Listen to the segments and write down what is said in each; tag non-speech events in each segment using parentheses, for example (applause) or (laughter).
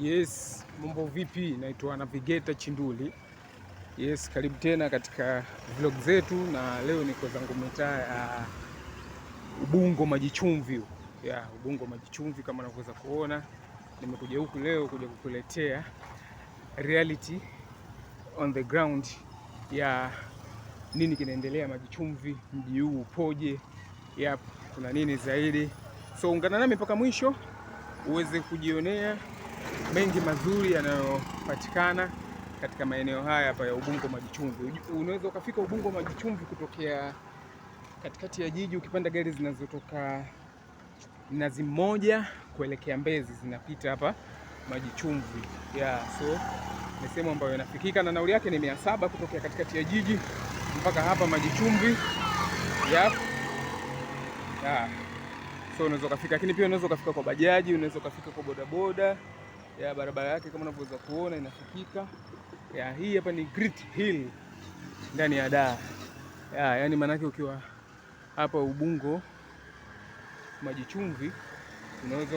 Yes, mambo vipi? Naitwa Navigator Chinduli. Yes, karibu tena katika vlog zetu, na leo niko zangu mitaa ya uh, Ubungo Majichumvi ya yeah, Ubungo Majichumvi kama unavyoweza kuona, nimekuja huku leo kuja kukuletea reality on the ground ya yeah, nini kinaendelea Majichumvi, mji huu upoje? Yep, kuna nini zaidi? So ungana nami mpaka mwisho uweze kujionea mengi mazuri yanayopatikana katika maeneo haya hapa ya Ubungo Maji Unaweza ukafika Ubungo Maji kutokea katikati ya jiji, ukipanda gari zinazotoka Mnazi Mmoja kuelekea Mbezi zinapita hapa majichumvi Yeah, so ni sehemu ambayo inafikika na nauli yake ni mia saba kutokea katikati ya jiji mpaka hapa Maji Chumvi. Yeah. Yeah. So unaweza ukafika, lakini pia unaweza ukafika kwa bajaji, unaweza ukafika kwa bodaboda ya barabara yake kama unavyoweza kuona inafikika. Ya, hii hapa ni Great Hill ndani ya Dar ya, yani maanake ukiwa hapa Ubungo maji chumvi unaweza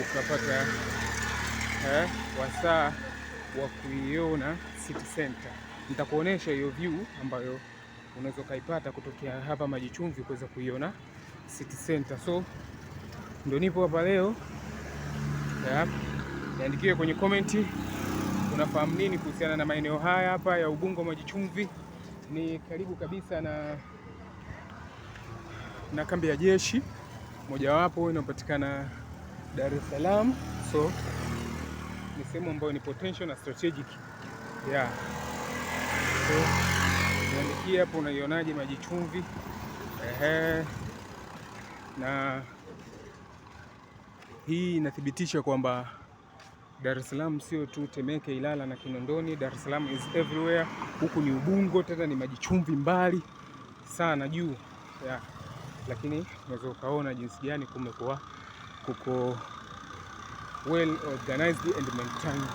ukapata eh, wasaa wa kuiona city center. Nitakuonesha hiyo view ambayo unaweza ukaipata kutokea hapa maji chumvi kuweza kuiona city center. So ndio nipo hapa leo yeah. kwenye komenti unafahamu nini kuhusiana na maeneo haya hapa ya Ubungo Maji Chumvi. Ni karibu kabisa na, na kambi ya jeshi mojawapo inayopatikana Dar es Salaam, so ni sehemu ambayo ni potential na strategic yeah. So niandikie hapo unaionaje Maji Chumvi ehe, na hii inathibitisha kwamba Dar es Salaam sio tu Temeke, Ilala na Kinondoni. Dar es Salaam is everywhere. Huku ni Ubungo, tena ni maji chumvi mbali sana juu yeah. Lakini unaweza ukaona jinsi gani kumekuwa kuko well organized and maintained.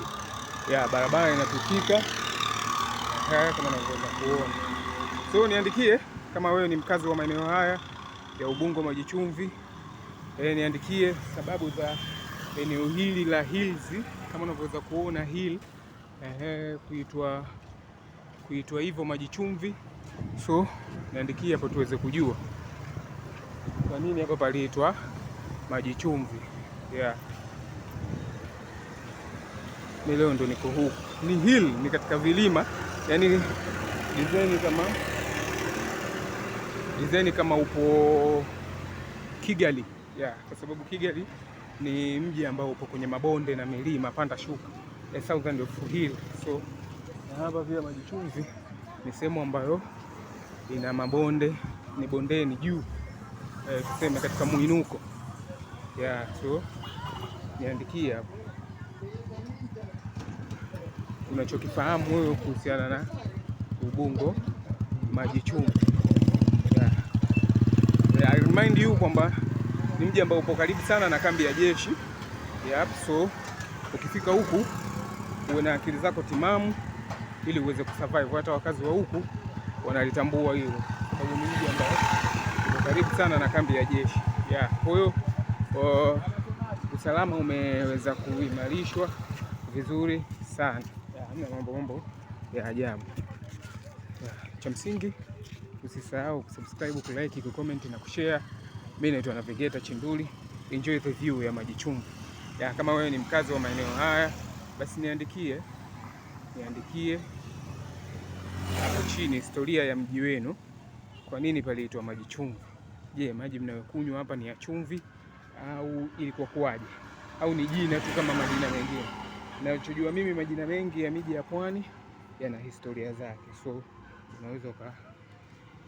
Yeah, barabara inapitika kama unaweza kuona. So niandikie kama wewe ni mkazi wa maeneo haya ya Ubungo maji chumvi e, niandikie sababu za eneo hili la Hills kama unavyoweza kuona hill ehe, kuitwa kuitwa hivyo maji chumvi. So niandikie hapo tuweze kujua kwa nini hapa paliitwa maji chumvi. Yeah. Ni leo ndo niko huku, ni hill, ni katika vilima, yani design kama design kama upo Kigali yeah, kwa sababu Kigali ni mji ambao upo kwenye mabonde na milima panda shuka, a eh, thousand of hill. So na hapa pia maji chumvi ni sehemu ambayo ina mabonde, ni bondeni juu eh, tuseme katika muinuko yeah, so niandikie hapo unachokifahamu wewe kuhusiana na Ubungo maji chumvi. Yeah, I remind you kwamba ni mji ambao upo karibu sana na kambi ya jeshi yep. So ukifika huku uwe na akili zako timamu ili uweze kusurvive. Hata wakazi wa huku wanalitambua hilo, sababu ni mji ambao upo karibu sana na kambi ya jeshi yeah. Kwa hiyo uh, usalama umeweza kuimarishwa vizuri sana hamna yeah, mambo mambo ya ajabu yeah. Cha msingi usisahau kusubscribe, kulike, kucomment na kushare. Mimi naitwa Navigeta Chinduli. Enjoy the view ya maji chumvi. Ya kama wewe ni mkazi wa maeneo haya, basi niandikie niandikie hapo chini historia ya mji wenu. Kwa nini paliitwa maji chumvi? Je, maji mnayokunywa hapa ni ya chumvi au ilikuwa kuwaje? Au ni jina tu kama majina mengine? Nachojua mimi majina mengi ya miji ya pwani yana historia zake, so unaweza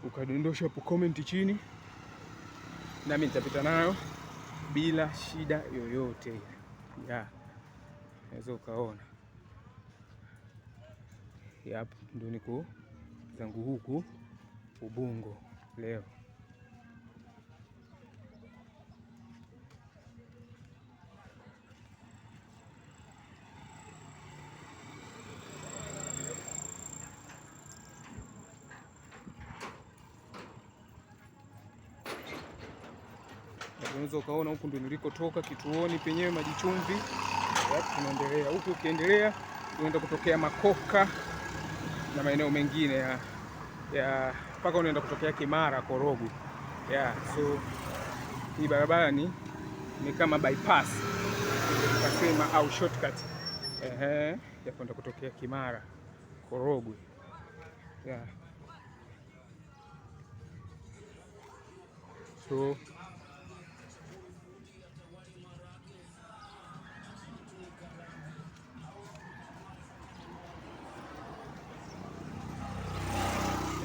ukadondosha hapo comment chini nami nitapita nayo bila shida yoyote ya unaweza ukaona yap, ndo niko zangu huku Ubungo leo. unaweza ukaona huku ndio nilikotoka kituoni penyewe maji chumvi. Tunaendelea huku, ukiendelea unaenda kutokea Makoka na maeneo mengine ya ya mpaka unaenda kutokea Kimara Korogu yeah. So hii barabara ni ni kama bypass tukasema, au shortcut ehe, ya kwenda kutokea Kimara Korogwe yeah. so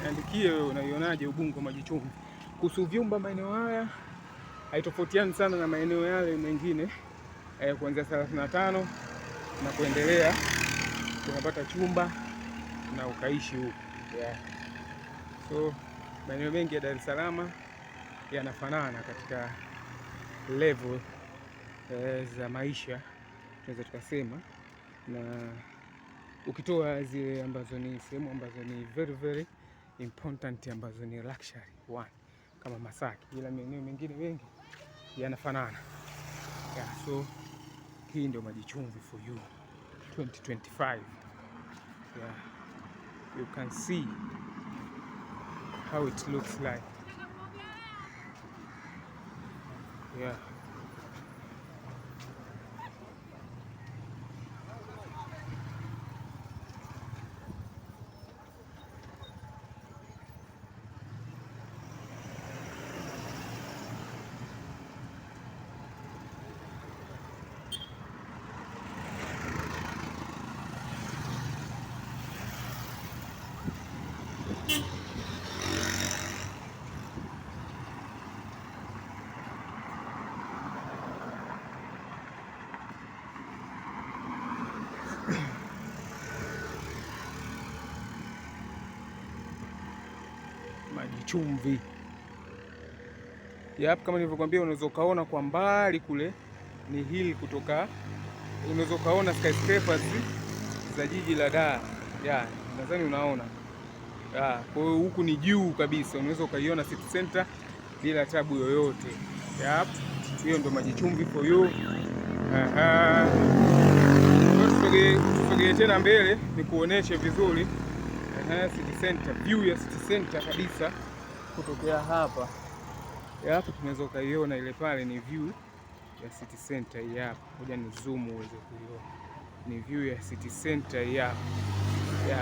niandikie wewe unaionaje Ubungo maji kuhusu vyumba. Maeneo haya haitofautiani sana na maeneo yale mengine eh, kuanzia 35 na kuendelea unapata chumba na ukaishi huko yeah. So maeneo mengi ya Dar es Salaam yanafanana katika level eh, za maisha tunaweza tukasema, na ukitoa zile ambazo ni sehemu ambazo ni very very important ambazo ni luxury one kama Masaki, ila maeneo mengine mengi yanafanana yeah. So hii ndio maji chumvi for you 2025 yeah. You can see how it looks like yeah. chumvi. Yep, kama nilivyokuambia, unaweza ukaona kwa mbali kule ni hill kutoka, unaweza ukaona skyscrapers za jiji la Dar. Ya, nadhani unaona. Ya, kwa hiyo huku ni juu kabisa, unaweza ukaiona city center bila tabu yoyote. Yep, hiyo ndo maji chumvi for you. Aha. Tusogee tena mbele nikuoneshe vizuri. Aha, city center, view ya city center kabisa kutokea hapa hapa, tunaweza ukaiona ile pale, ni view ya city center hii hapa. Ngoja ni zoom uweze kuiona, ni view ya city center hii hapa.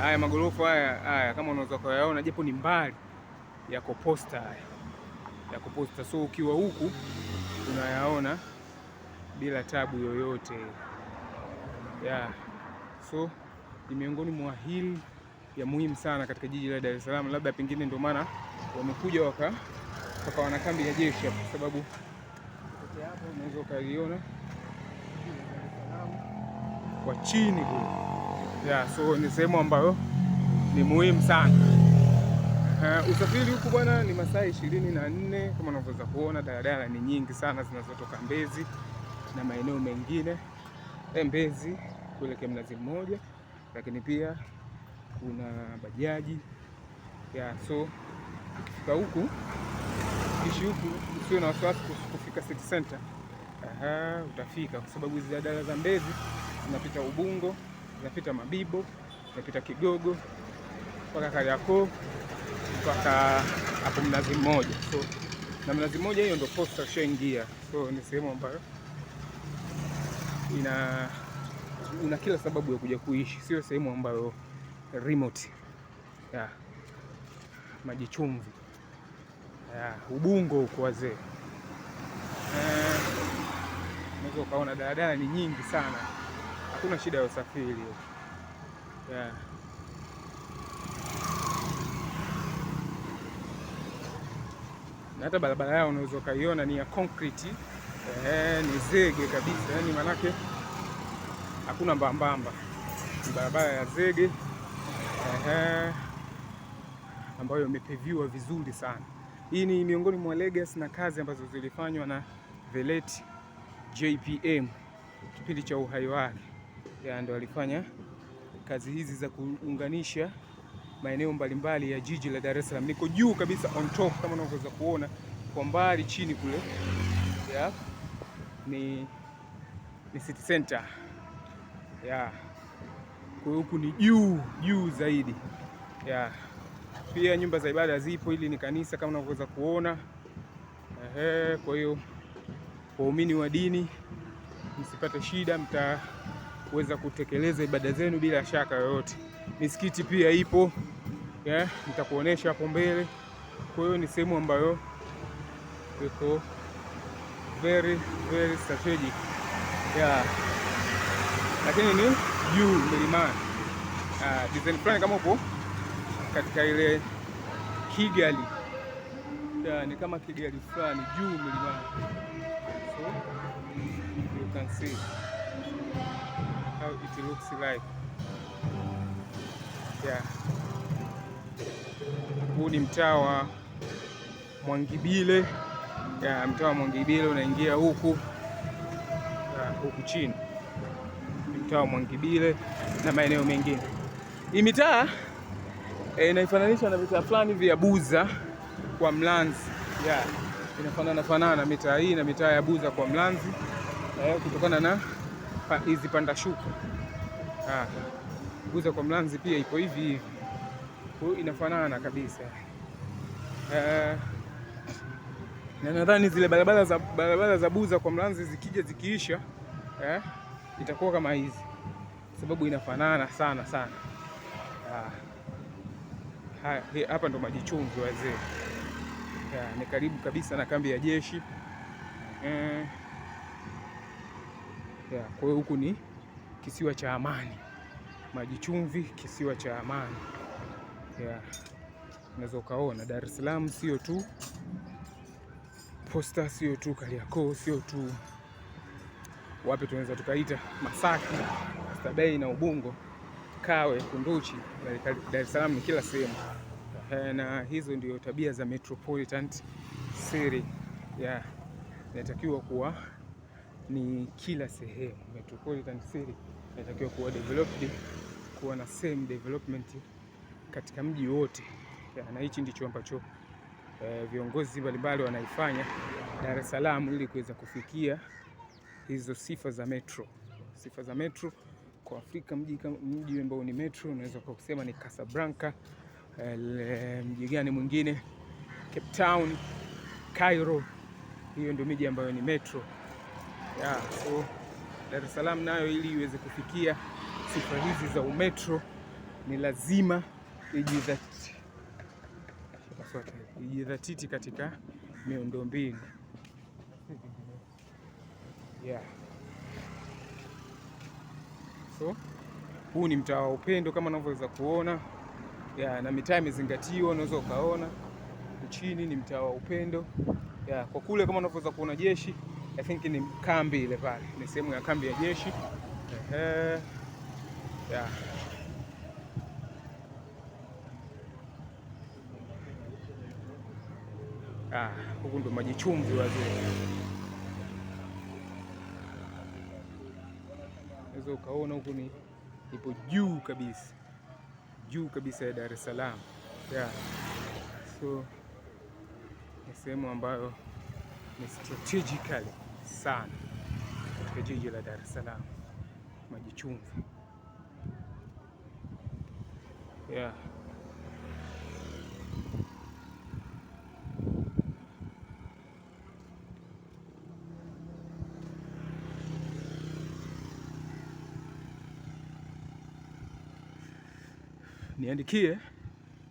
Haya magorofa haya haya, kama unaweza kuyaona, japo ni mbali, yako posta haya, yako posta. So ukiwa huku unayaona bila tabu yoyote ya So ni miongoni mwa hili ya muhimu sana katika jiji la Dar es Salaam, labda pengine ndio maana wamekuja waka mpaka wana kambi ya jeshi hapo, kwa sababu hapo unaweza ukaliona kwa chini kule ya so ni sehemu ambayo ni muhimu sana. Uh, usafiri huku bwana ni masaa ishirini na nne kama unavyoweza kuona, daladala ni nyingi sana zinazotoka Mbezi na maeneo mengine eh, Mbezi kuelekea Mnazi Mmoja, lakini pia kuna bajaji ya so kufika huku kishi huku usio na wasiwasi kufika city center. Aha, utafika kwa sababu hizi dala za Mbezi zinapita Ubungo, zinapita Mabibo, zinapita Kigogo mpaka Kariakoo mpaka hapo Mnazi Mmoja. So na Mnazi Mmoja hiyo ndio posta ushaingia, so ni sehemu ambayo ina una kila sababu ya kuja kuishi, sio sehemu ambayo remote yeah maji chumvi yeah, Ubungo huko wazee, unaweza ukaona daladala ni nyingi sana, hakuna shida ya usafiri yeah. Na hata barabara yao unaweza ukaiona ni ya konkriti eh, ni zege kabisa, yani manake hakuna mbambamba, ni barabara ya zege eh ambayo imepeviwa vizuri sana. Hii ni miongoni mwa legacy na kazi ambazo zilifanywa na the late JPM kipindi cha uhai wake, ndo alifanya kazi hizi za kuunganisha maeneo mbalimbali ya jiji la Dar es Salaam. Niko juu kabisa on top, kama unavyoweza kuona kwa mbali, chini kule yeah, ni, ni city center yeah. Kwa huku ni juu juu zaidi yeah pia nyumba za ibada zipo. Hili ni kanisa kama unavyoweza kuona. Ehe, kwa hiyo waumini wa dini msipate shida, mtaweza kutekeleza ibada zenu bila shaka yoyote. Misikiti pia ipo yeah, nitakuonesha hapo mbele. Kwa hiyo ni sehemu ambayo iko very very strategic yeah, lakini ni juu mlimani. Uh, ah, design plan kama upo katika ile Kigali ya, ni kama Kigali fulani juu mlimani, so you can see how it looks like yeah. Huu ni mtaa wa Mwangibile ya, mtaa wa Mwangibile unaingia huku ya, huku chini mtaa wa Mwangibile na maeneo mengine hii mitaa e, eh, inaifananisha na mitaa fulani vya Buza kwa Mlanzi yeah. Inafanana fanana mitaa hii na mitaa ya Buza kwa Mlanzi e, kutokana na hizi panda shuka. Ah. Buza kwa Mlanzi pia ipo hivi hivi, inafanana kabisa e, na nadhani zile barabara za, barabara za Buza kwa Mlanzi zikija zikiisha eh, itakuwa kama hizi, sababu inafanana sana sana ah. Ah, hapa ndo maji chumvi wazee, ni karibu kabisa na kambi ya jeshi eh. Ya, Kwa hiyo huku ni kisiwa cha amani, maji chumvi, kisiwa cha amani. Unaweza ukaona Dar es Salaam sio tu Posta, sio tu Kariakoo, sio tu wapi, tunaweza tukaita Masaki, Oysterbay na Ubungo. Kawe, Kunduchi, Dar es Salaam ni kila sehemu, eh, na hizo ndio tabia za metropolitan city. yeah. Inatakiwa kuwa ni kila sehemu metropolitan city inatakiwa kuwa developed, kuwa na same development katika mji wote Na hichi ndicho ambacho eh, viongozi mbalimbali wanaifanya Dar es Salaam ili kuweza kufikia hizo sifa za metro, sifa za metro kwa Afrika mji mji ambao ni metro unaweza kusema ni Casablanca. Eh, mji gani mwingine? Cape Town, Cairo, hiyo ndio miji ambayo ni metro yeah. So Dar es Salaam nayo ili iweze kufikia sifa hizi za umetro ni lazima ijidhatiti katika miundombinu (laughs) yeah. So huu ni mtaa wa upendo kama unavyoweza kuona ya, na mitaa imezingatiwa, unaweza ukaona chini ni mtaa wa upendo ya, kwa kule kama unavyoweza kuona jeshi, I think ni kambi ile pale, ni sehemu ya kambi ya jeshi ehe, ya ah, huku ndo maji chumvi wazee. unaweza ukaona huku ni ipo juu kabisa, juu kabisa ya Dar es Salaam yeah. So ni sehemu ambayo ni strategically sana katika jiji la Dar es Salaam, Maji Chumvi yeah. niandikie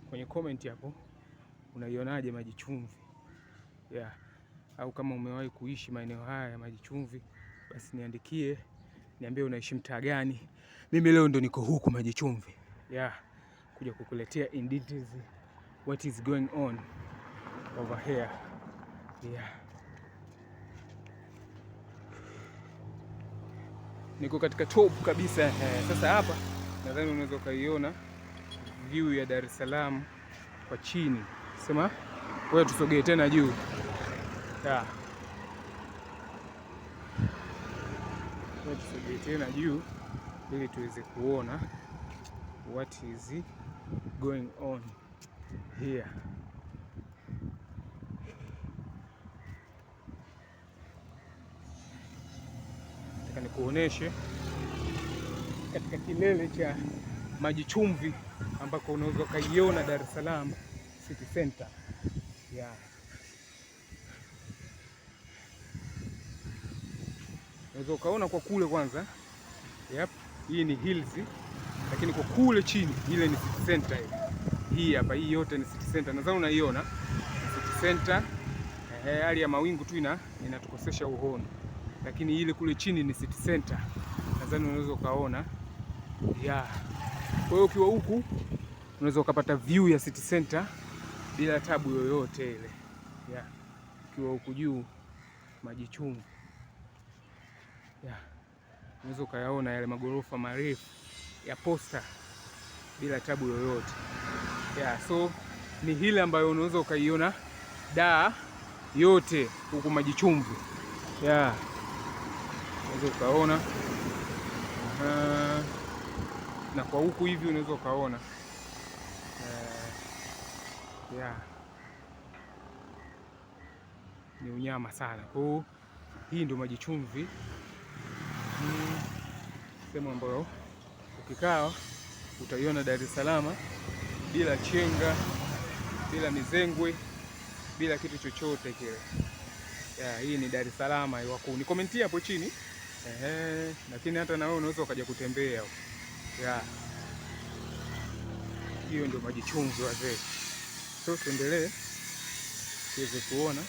kwenye comment hapo unaionaje maji chumvi yeah. Au kama umewahi kuishi maeneo haya ya maji chumvi, basi niandikie, niambie unaishi mtaa gani. Mimi leo ndo niko huku maji chumvi yeah, kuja kukuletea in details what is going on over here yeah. Niko katika top kabisa eh. Sasa hapa nadhani unaweza ukaiona view ya Dar es Salaam kwa chini. Sema wewe, tusogee tena juu yeah. Tusogee tena juu ili tuweze kuona what is going on here. Nataka nikuoneshe katika kilele cha maji chumvi, ambako unaweza ukaiona Dar es Salaam City Center yeah. Unaweza ukaona kwa kule kwanza yep. Hii ni hills, lakini kwa kule chini ile ni City Center hii hapa, hii yote ni City Center, nadhani unaiona City Center. Hali ya mawingu tu ina inatukosesha uhono, lakini ile kule chini ni City Center, nadhani unaweza ukaona yeah. Kwa hiyo ukiwa huku unaweza ukapata view ya city center bila tabu yoyote ile yeah. Ukiwa huku juu maji chungu yeah. Unaweza ukayaona yale magorofa marefu ya posta bila tabu yoyote yeah. So ni hili ambayo unaweza ukaiona daa yote huku maji chumvi yeah. Unaweza ukaona uh -huh na kwa huku hivi unaweza ukaona uh, yeah. Ni unyama sana. Kwa hiyo hii ndio maji chumvi hmm. Sehemu ambayo ukikaa utaiona Dar es Salaam bila chenga, bila mizengwe, bila kitu chochote kile. Yeah, hii ni Dar es Salaam Ni Nikomentia hapo chini. Ehe, lakini hata na wewe unaweza ukaja kutembea yeah. hiyo ndio maji chumvi wazee. So tuendelee tuweze kuona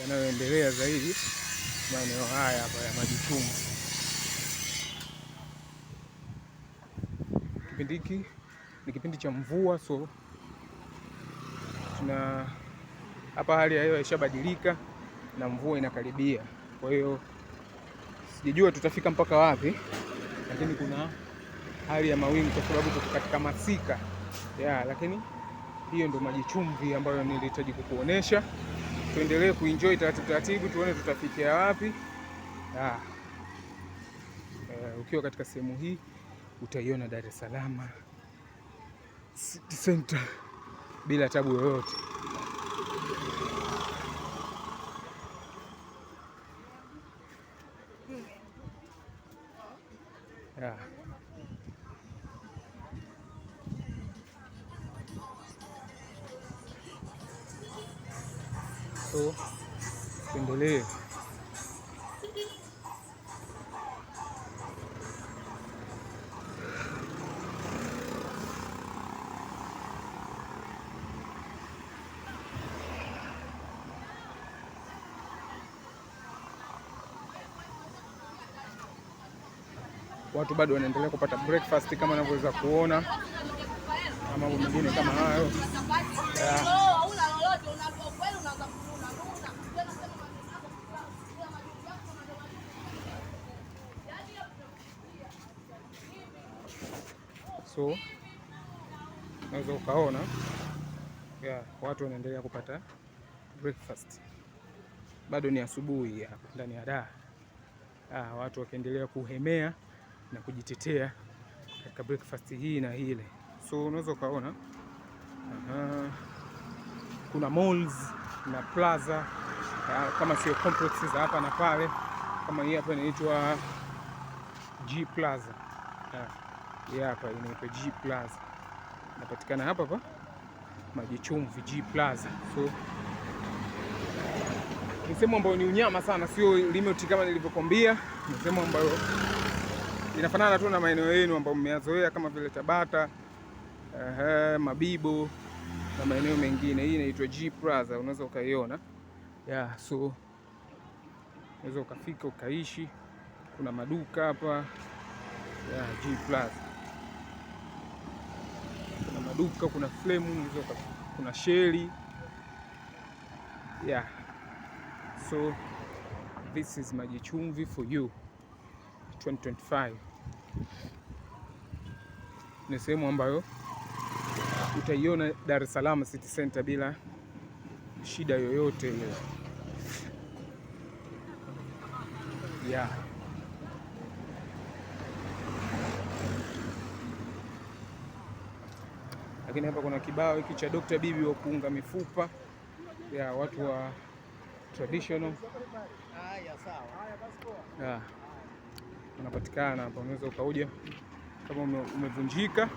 yanayoendelea zaidi maeneo haya hapa ya maji chumvi. Kipindi hiki ni kipindi cha mvua, so tuna hapa hali ya hewa ishabadilika na mvua inakaribia, kwa hiyo sijajua tutafika mpaka wapi lakini kuna hali ya mawingu kwa sababu tuko katika masika ya, lakini hiyo ndio maji chumvi ambayo nilihitaji kukuonesha. Tuendelee kuenjoy taratibu taratibu, tuone tutafikia wapi. Uh, ukiwa katika sehemu hii utaiona Dar es Salaam City Center bila tabu yoyote. Yeah. So, Pinduli. watu bado wanaendelea kupata breakfast kama unavyoweza kuona, na mambo mengine kama hayo. So unaweza ukaona yeah, watu wanaendelea kupata breakfast bado ni asubuhi hapa ndani ya daa, ah, watu wakiendelea kuhemea na kujitetea katika breakfast hii na ile. So unaweza ukaona kuna malls na plaza ah, kama sio complex za hapa na pale, kama hii hapa inaitwa G Plaza. Ah, hii hapa inaitwa G Plaza, inapatikana hapa hapa Maji Chumvi G Plaza. So ni sehemu ambayo ni unyama sana, sio limit kama nilivyokwambia, ni sehemu ambayo inafanana tu na maeneo yenu ambayo mmeyazoea kama vile Tabata, uh, Mabibo na maeneo mengine. Hii inaitwa G Plaza, unaweza ukaiona yeah, so unaweza ukafika ukaishi. Kuna maduka hapa yeah, G Plaza kuna maduka, kuna flemu, kuna sheli yeah, so this is Maji Chumvi for you. 2025 ni sehemu ambayo utaiona Dar es Salaam City Center bila shida yoyote ile. Yeah. Lakini hapa kuna kibao hiki cha Dr. Bibi wa kuunga mifupa ya watu wa traditional. Haya, sawa. Haya, basi poa. Yeah unapatikana hapa. Unaweza ukauja kama umevunjika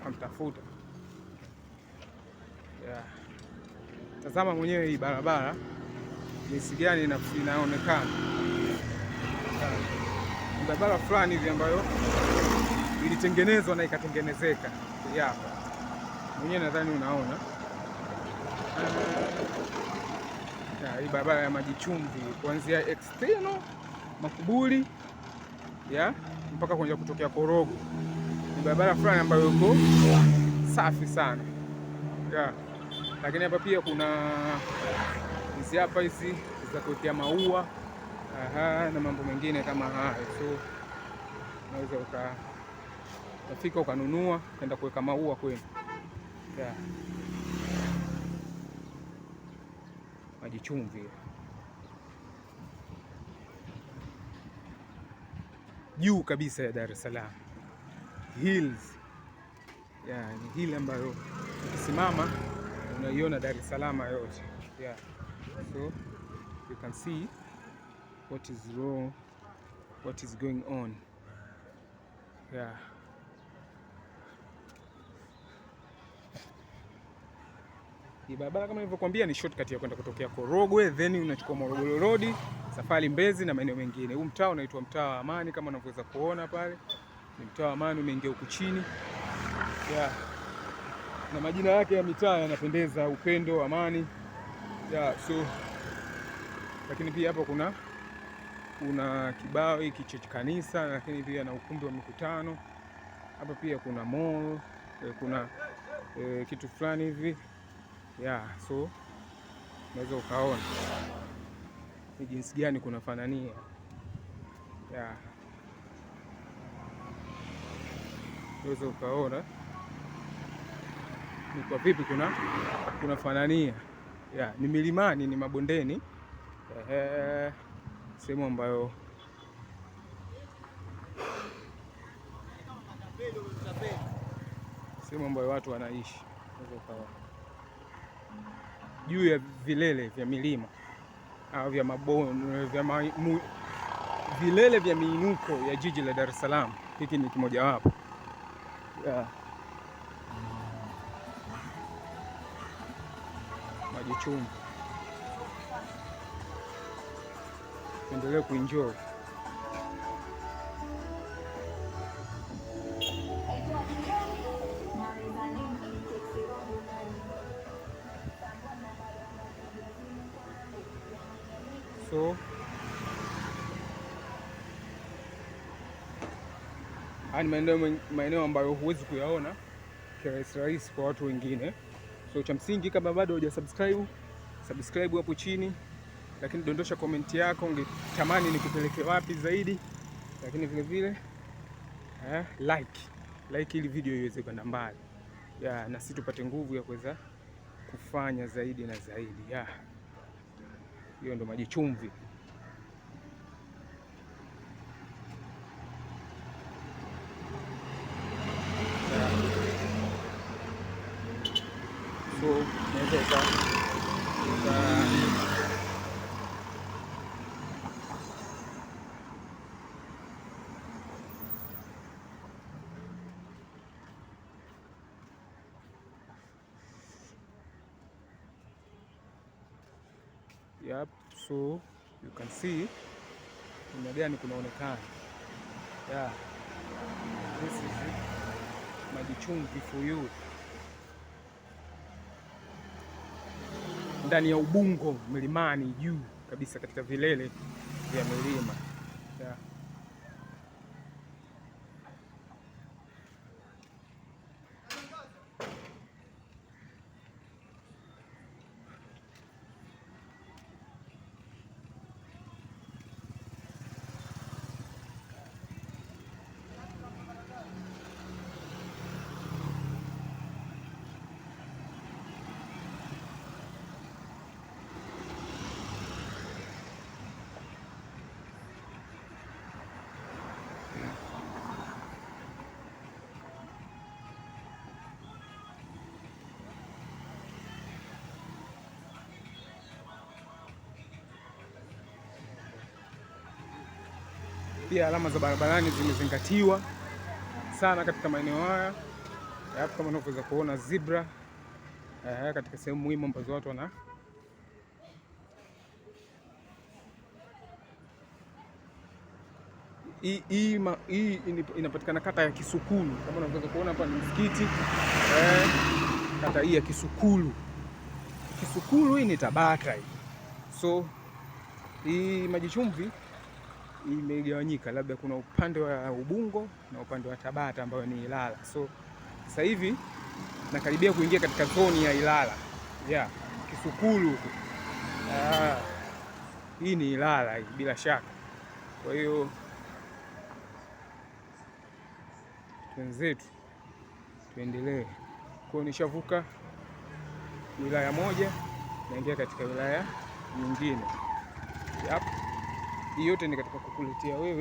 ukamtafuta. Yeah. Tazama mwenyewe hii barabara jinsi gani inaonekana, Barabara fulani hivi ambayo ilitengenezwa na ikatengenezeka hapa, mwenyewe nadhani unaona hii barabara ya maji chumvi kuanzia external Makuburi ya mpaka kuanzia kutokea Korogo ni barabara fulani ambayo iko safi sana ya. Lakini hapa pia kuna hizi hapa hizi za kuwekea maua aha, na mambo mengine kama haya, so unaweza uka utafika ukanunua ukaenda kuweka maua kwenu ya maji chumvi. juu kabisa ya Dar es Salaam hills, yani hill ambayo ukisimama unaiona Dar es Salaam yote yeah. So you can see what is wrong, what is going on yeah. Hii barabara kama nilivyokuambia ni shortcut ya kwenda kutokea Korogwe, then unachukua Morogoro Road Safari Mbezi na maeneo mengine. Huu mtaa unaitwa mtaa wa Amani kama unavyoweza kuona pale. Ni mtaa wa Amani umeingia huku chini. Yeah. Na majina yake ya mitaa yanapendeza, Upendo, Amani. Yeah, so lakini pia hapo kuna kuna kibao hiki cha kanisa, lakini pia na ukumbi wa mikutano. Hapa pia kuna mall, eh, kuna eh, kitu fulani hivi. Yeah, so unaweza ukaona ni jinsi gani kunafanania ya Unaweza ukaona ni kwa vipi kuna kunafanania ya Ni milimani, ni mabondeni sehemu ambayo sehemu ambayo watu wanaishi juu ya vilele vya milima vya mabonde, vya ma, mu, vilele vya miinuko ya jiji la Dar es Salaam. Hiki ni kimojawapo yeah. Maji endelee kuenjoy. ni maeneo ambayo huwezi kuyaona kirahisi rahisi kwa watu wengine. So cha msingi kama bado hujasubscribe, subscribe hapo chini, lakini dondosha komenti yako, ungetamani nikupeleke wapi zaidi, lakini vile vile eh, like like ili video iweze kwenda mbali yeah, na sisi tupate nguvu ya kuweza kufanya zaidi na zaidi yeah. Hiyo ndo maji chumvi. hapo unaweza Yep, so you can see namna gani kunaonekana. Yeah. This is it. Maji chumvi for you. ndani ya Ubungo milimani juu kabisa katika vilele vya milima. pia alama za barabarani zimezingatiwa sana katika maeneo haya, hapo, kama unavyoweza kuona zebra eh, katika sehemu muhimu ambazo watu wana hii inapatikana kata ya Kisukulu kama unavyoweza kuona hapa ni msikiti eh, kata hii ya Kisukulu. Kisukulu hii ni Tabata hii, so hii maji chumvi imegawanyika, labda kuna upande wa Ubungo na upande wa Tabata ambayo ni Ilala. So sasa hivi nakaribia kuingia katika zoni ya Ilala yeah, Kisukulu ah, hii ni Ilala hii bila shaka. Kwa hiyo wenzetu tuendelee. Kwa hiyo nishavuka wilaya moja naingia katika wilaya nyingine yep. Hii yote ni katika kukuletea wewe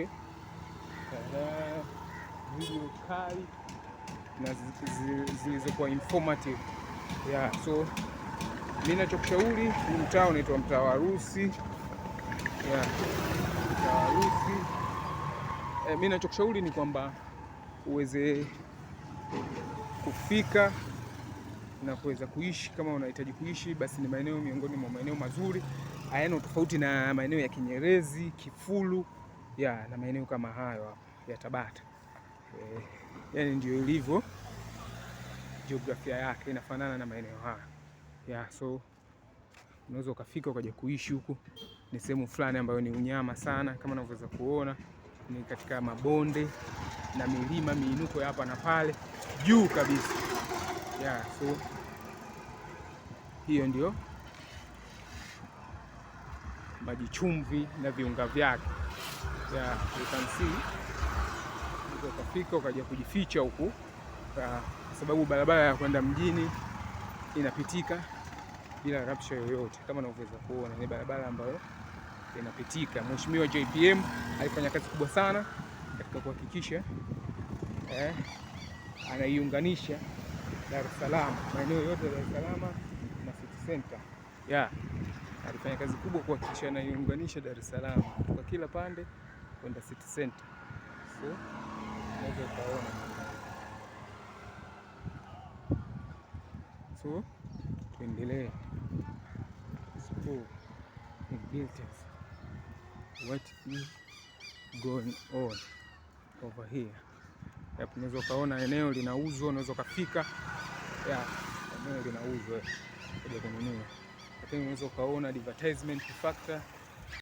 video eh, kali na zilizokuwa informative yeah. So mi nachokushauri, huu mtaa unaitwa mtaa wa harusi yeah. Mtaa wa harusi eh, mimi nachokushauri ni kwamba uweze kufika na kuweza kuishi kama unahitaji kuishi, basi ni maeneo miongoni mwa maeneo mazuri hayana tofauti na maeneo ya Kinyerezi, Kifulu ya na maeneo kama hayo ya Tabata. Eh, yani ndio ilivyo jiografia yake inafanana na maeneo haya ya, so unaweza ukafika ukaja kuishi huku. Ni sehemu fulani ambayo ni unyama sana, kama unavyoweza kuona ni katika mabonde na milima, miinuko ya hapa na pale juu kabisa ya, so hiyo ndio maji chumvi na viunga vyake. Yeah, you can see, ukafika ukaja kujificha huku kwa sababu barabara ya kwenda mjini inapitika bila rapsha yoyote, kama unavyoweza kuona ni barabara ambayo inapitika. Mheshimiwa JPM alifanya kazi kubwa sana katika kuhakikisha eh, anaiunganisha Dar es Salaam, maeneo yote ya Dar es Salaam na city center yeah alifanya kazi kubwa kuhakikisha anaiunganisha Dar es Salaam kutoka kila pande kwenda city center. So unaweza ukaona, so tuendelee. So what is going on over here? Unaweza ukaona eneo linauzwa, unaweza ukafika, eneo linauzwa kuja kununua then unaweza ukaona advertisement factor